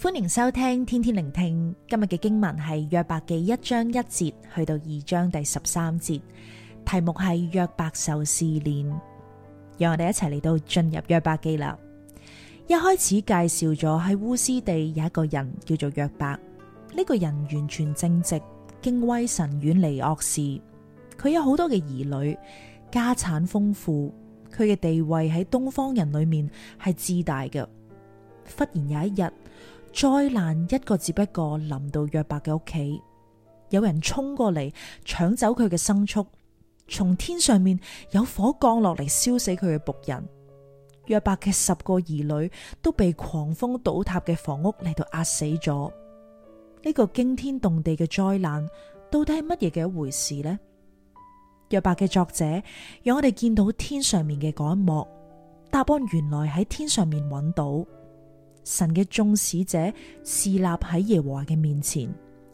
歡迎收聽天天聆聽。今日嘅經文係約伯記一章一節去到二章第十三節，題目係約伯受試煉。讓我哋一齊嚟到進入約伯記啦。一開始介紹咗喺烏斯地有一個人叫做約伯，呢、這個人完全正直，敬畏神，遠離惡事。佢有好多嘅兒女，家產豐富，佢嘅地位喺東方人裏面係至大嘅。忽然有一日。災難一個接一個臨到約伯嘅屋企，有人沖過嚟搶走佢嘅牲畜，從天上面有火降落嚟燒死佢嘅僕人。約伯嘅十個兒女都被狂風倒塌嘅房屋嚟到壓死咗。呢個驚天動地嘅災難到底係乜嘢嘅一回事呢？約伯嘅作者讓我哋見到天上面嘅嗰一幕，答案原來喺天上面揾到。神嘅眾使者侍立喺耶和華嘅面前，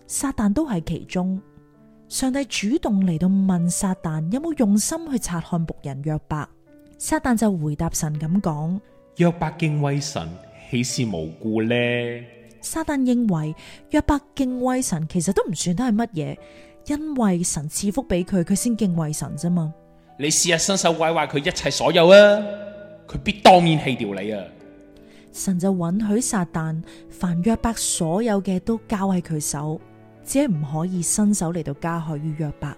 撒但都係其中。上帝主動嚟到問撒但有冇用心去察看僕人約伯，撒但就回答神咁講：約伯敬畏神，豈是無辜呢？撒但認為約伯敬畏神，其實都唔算得係乜嘢，因為神賜福俾佢，佢先敬畏神啫嘛。你試下伸手毀壞佢一切所有啊，佢必當面棄掉你啊！神就允許撒旦凡約伯所有嘅都交喺佢手，只係唔可以伸手嚟到加害於約伯。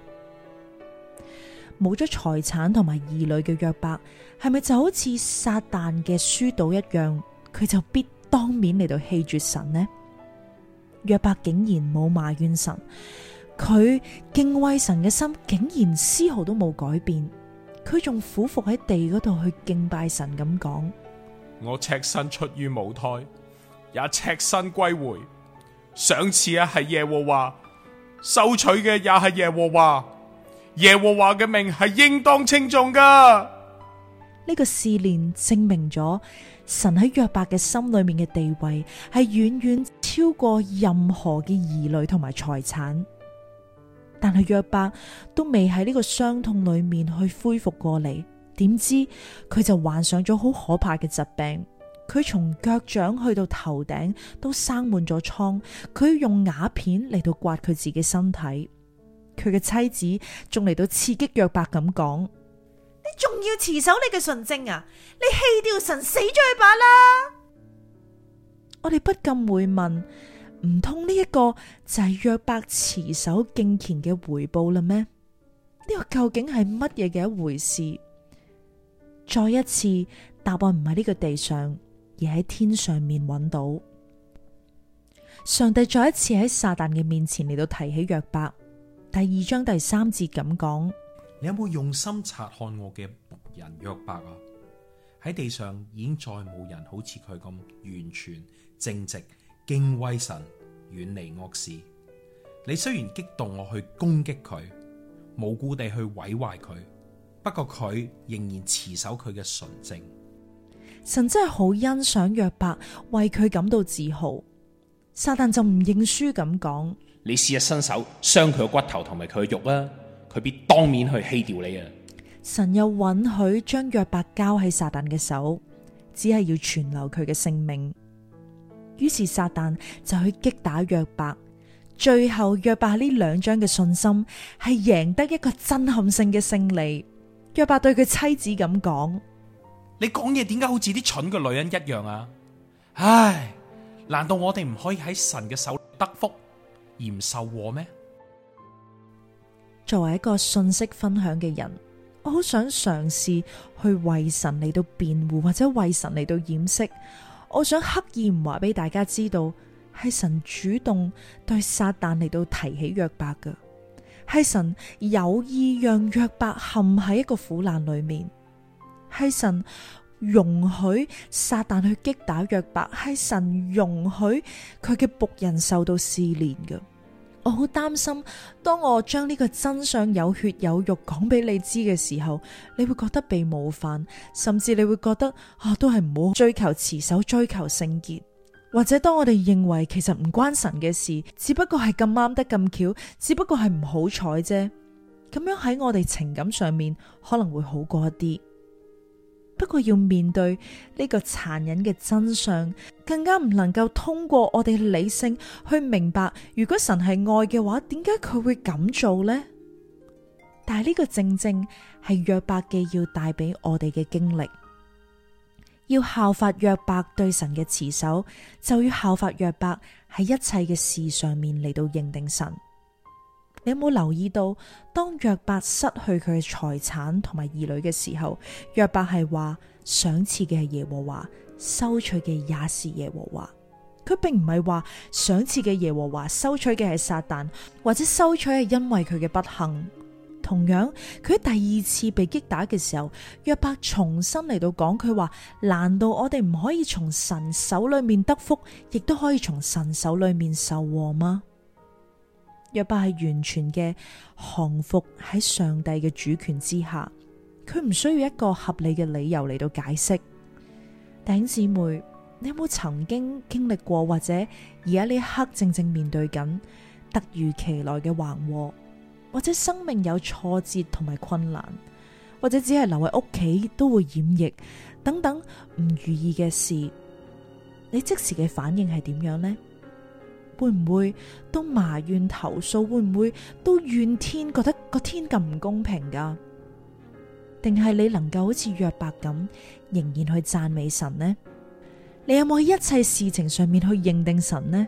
冇咗財產同埋兒女嘅約伯，係咪就好似撒旦嘅輸賭一樣？佢就必當面嚟到棄絕神呢？約伯竟然冇埋怨神，佢敬畏神嘅心竟然絲毫都冇改變，佢仲俯伏喺地嗰度去敬拜神，咁講。我赤身出於母胎，也赤身歸回。賞賜啊，係耶和華；收取嘅也係耶和華。耶和華嘅命係應當稱頌噶。呢個試煉證明咗神喺約伯嘅心裏面嘅地位係遠遠超過任何嘅兒女同埋財產。但係約伯都未喺呢個傷痛裏面去恢復過嚟。點知佢就患上咗好可怕嘅疾病，佢從腳掌去到頭頂都生滿咗瘡，佢用瓦片嚟到刮佢自己身體。佢嘅妻子仲嚟到刺激約伯咁講：，你仲要持守你嘅純正啊？你棄掉神死咗一把啦！我哋不禁會問：，唔通呢一個就係約伯持守敬虔嘅回報嘞咩？呢個究竟係乜嘢嘅一回事？再一次，答案唔係呢個地上，而喺天上面揾到。上帝再一次喺撒旦嘅面前嚟到提起約伯，第二章第三節咁講：你有冇用心察看我嘅僕人約伯啊？喺地上已經再冇人好似佢咁完全正直，敬畏神，遠離惡事。你雖然激動我去攻擊佢，無故地去毀壞佢。不過佢仍然持守佢嘅純正，神真係好欣賞約伯，為佢感到自豪。撒旦就唔認輸咁講：你試一伸手傷佢嘅骨頭同埋佢嘅肉啦，佢必當面去棄掉你啊！神又允許將約伯交喺撒旦嘅手，只係要存留佢嘅性命。於是撒旦就去擊打約伯，最後約伯呢兩章嘅信心係贏得一個震撼性嘅勝利。約伯對佢妻子咁講：你講嘢點解好似啲蠢嘅女人一樣啊？唉，難道我哋唔可以喺神嘅手得福而唔受禍咩？作為一個信息分享嘅人，我好想嘗試去為神嚟到辯護或者為神嚟到掩飾。我想刻意唔話俾大家知道，係神主動對撒旦嚟到提起約伯㗎。係神有意讓約伯陷喺一個苦難裏面，係神容許撒旦去擊打約伯，係神容許佢嘅僕人受到試煉嘅。我好擔心，當我將呢個真相有血有肉講俾你知嘅時候，你會覺得被冒犯，甚至你會覺得啊，都係唔好追求持守追求聖潔。或者當我哋認為其實唔關神嘅事，只不過係咁啱得咁巧，只不過係唔好彩啫，咁樣喺我哋情感上面可能會好過一啲。不過要面對呢個殘忍嘅真相，更加唔能夠通過我哋理性去明白，如果神係愛嘅話，點解佢會咁做呢？但係呢個正正係約伯記要帶俾我哋嘅經歷。要效法約伯對神嘅持守，就要效法約伯喺一切嘅事上面嚟到認定神。你有冇留意到，當約伯失去佢嘅財產同埋兒女嘅時候，約伯係話賞賜嘅係耶和華，收取嘅也是耶和華。佢並唔係話賞賜嘅耶和華，收取嘅係撒旦，或者收取係因為佢嘅不幸。同樣，佢第二次被擊打嘅時候，約伯重新嚟到講佢話：難道我哋唔可以從神手裏面得福，亦都可以從神手裏面受禍嗎？約伯係完全嘅降服喺上帝嘅主權之下，佢唔需要一個合理嘅理由嚟到解釋。弟兄姊妹，你有冇曾經經歷歷過或者而家呢一刻正正面對緊突如其來嘅橫禍？或者生命有挫折同埋困難，或者只係留喺屋企都會染疫，等等唔如意嘅事，你即時嘅反應係點樣呢？會唔會都埋怨投訴？會唔會都怨天？覺得個天咁唔公平噶？定係你能夠好似約伯咁，仍然去讚美神呢？你有冇喺一切事情上面去認定神呢？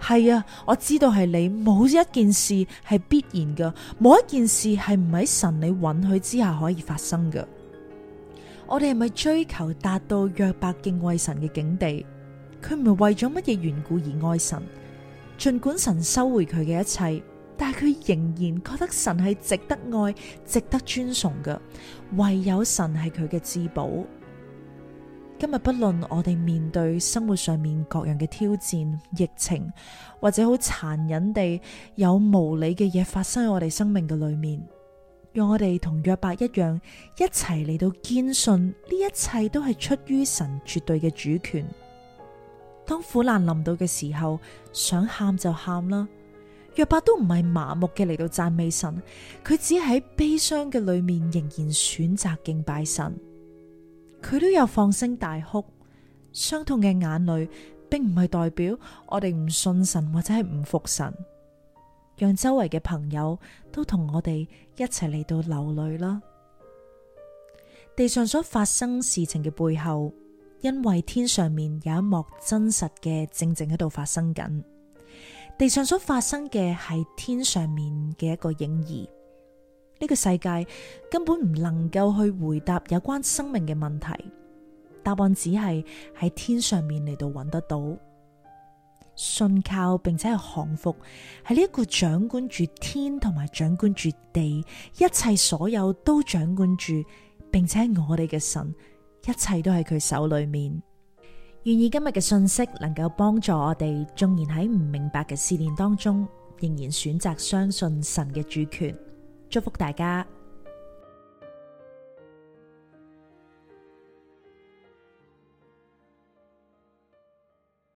係啊，我知道係你。冇一件事係必然嘅，冇一件事係唔喺神你允許之下可以發生嘅。我哋係咪追求達到約伯敬畏神嘅境地？佢唔係為咗乜嘢緣故而愛神？盡管神收回佢嘅一切，但係佢仍然覺得神係值得愛、值得尊崇嘅。唯有神係佢嘅至寶。今日不論我哋面對生活上面各樣嘅挑戰、疫情或者好殘忍地有無理嘅嘢發生喺我哋生命嘅裏面，讓我哋同約伯一樣，一齊嚟到堅信呢一切都係出於神絕對嘅主權。當苦難臨到嘅時候，想喊就喊啦。約伯都唔係麻木嘅嚟到讚美神，佢只係喺悲傷嘅裏面仍然選擇敬拜神。佢都有放聲大哭，傷痛嘅眼淚並唔係代表我哋唔信神或者係唔服神，讓周圍嘅朋友都同我哋一齊嚟到流淚啦。地上所發生事情嘅背後，因為天上面有一幕真實嘅正正喺度發生緊，地上所發生嘅係天上面嘅一個影兒。呢個世界根本唔能夠去回答有關生命嘅問題，答案只係喺天上面嚟到搵得到。信靠並且係降服，係呢一個掌管住天同埋掌管住地一切，所有都掌管住，並且我哋嘅神，一切都喺佢手裏面。願意今日嘅信息能夠幫助我哋，縱然喺唔明白嘅試煉當中，仍然選擇相信神嘅主權。祝福大家！